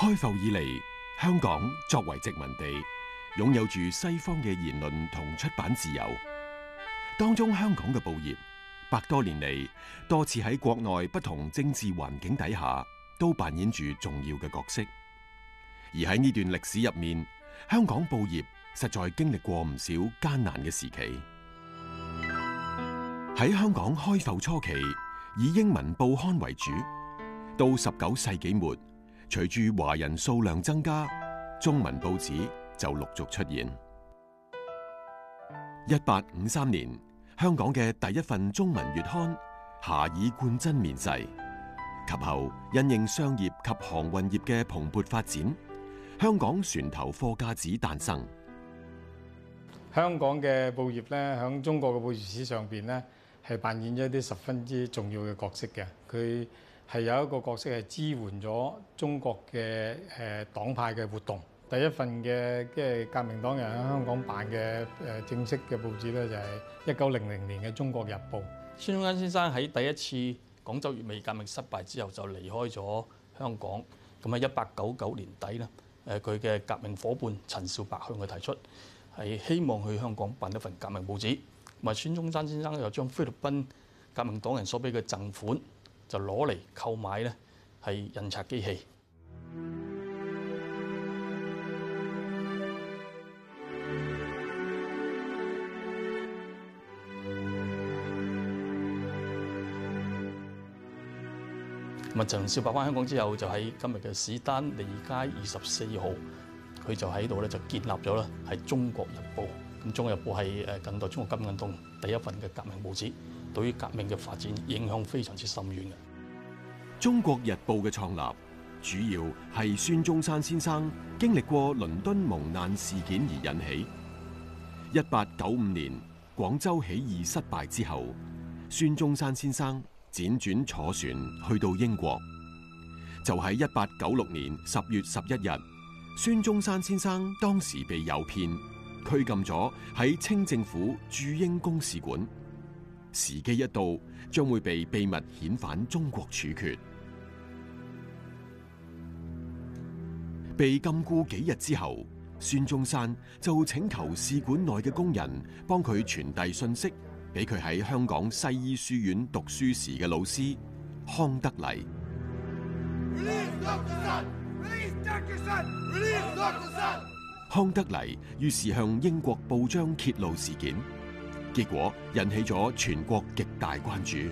開埠以嚟，香港作為殖民地。擁有住西方嘅言論同出版自由，當中香港嘅報業百多年嚟，多次喺國內不同政治環境底下都扮演住重要嘅角色。而喺呢段歷史入面，香港報業實在經歷過唔少艱難嘅時期。喺香港開埠初期，以英文報刊為主；到十九世紀末，隨住華人數量增加，中文報紙。就陸續出現。一八五三年，香港嘅第一份中文月刊《遐邇貫珍面世》，及後因應商業及航運業嘅蓬勃發展，香港船頭貨價紙誕生。香港嘅報業咧，喺中國嘅報業史上面咧，係扮演咗一啲十分之重要嘅角色嘅。佢係有一個角色係支援咗中國嘅誒黨派嘅活動。第一份嘅即係革命黨人喺香港辦嘅誒正式嘅報紙咧，就係一九零零年嘅《中國日報》。孫中山先生喺第一次廣州乙未革命失敗之後，就離開咗香港。咁喺一八九九年底咧，誒佢嘅革命夥伴陳少白向佢提出，係希望去香港辦一份革命報紙。咁啊，孫中山先生又將菲律賓革命黨人所俾嘅贈款，就攞嚟購買咧，係印刷機器。密啊，少白返香港之後，就喺今日嘅史丹利街二十四號，佢就喺度咧就建立咗啦，係《中國日報》。咁《中國日報》係誒近代中國革命中第一份嘅革命報紙，對於革命嘅發展影響非常之深遠嘅。《中國日報》嘅創立主要係孫中山先生經歷過倫敦蒙難事件而引起1895。一八九五年廣州起義失敗之後，孫中山先生，輾轉坐船去到英國，就喺一八九六年十月十一日，孫中山先生當時被誘騙拘禁咗喺清政府駐英公使館，時機一到，將會被秘密遣返中國處決。被禁錮幾日之後，孫中山就請求使館內嘅工人幫佢傳遞信息。俾佢喺香港西醫書院讀書時嘅老師康德黎。康德黎於是向英國報章揭露事件，結果引起咗全國極大關注。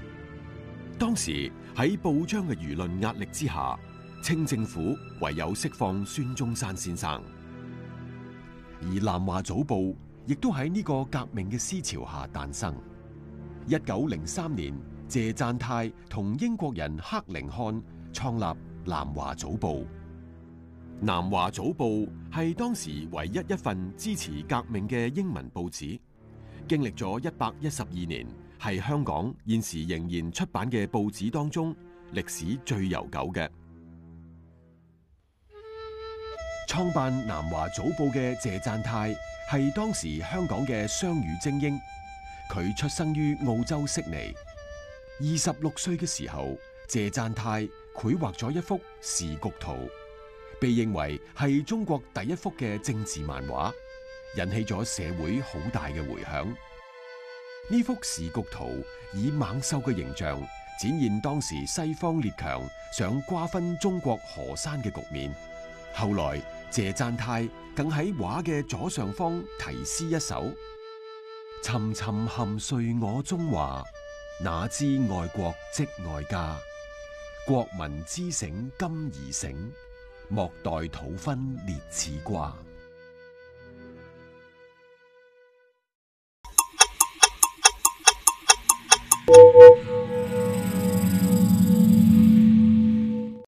當時喺報章嘅輿論壓力之下，清政府唯有釋放孫中山先生，而《南華早報》。亦都喺呢個革命嘅思潮下誕生。一九零三年，謝贊泰同英國人克靈漢創立《南華早報》。《南華早報》係當時唯一一份支持革命嘅英文報紙，經歷咗一百一十二年，係香港現時仍然出版嘅報紙當中歷史最悠久嘅。創辦南華早報嘅謝纘泰係當時香港嘅雙語精英。佢出生於澳洲悉尼。二十六歲嘅時候，謝纘泰繪畫咗一幅時局圖，被認為係中國第一幅嘅政治漫畫，引起咗社會好大嘅回響。呢幅時局圖以猛獸嘅形象展現當時西方列強想瓜分中國河山嘅局面。後來謝贊泰更喺畫嘅左上方題詩一首：沉沉酣睡我中華，哪知愛國即愛家？國民知醒今而醒，莫待土分裂似瓜。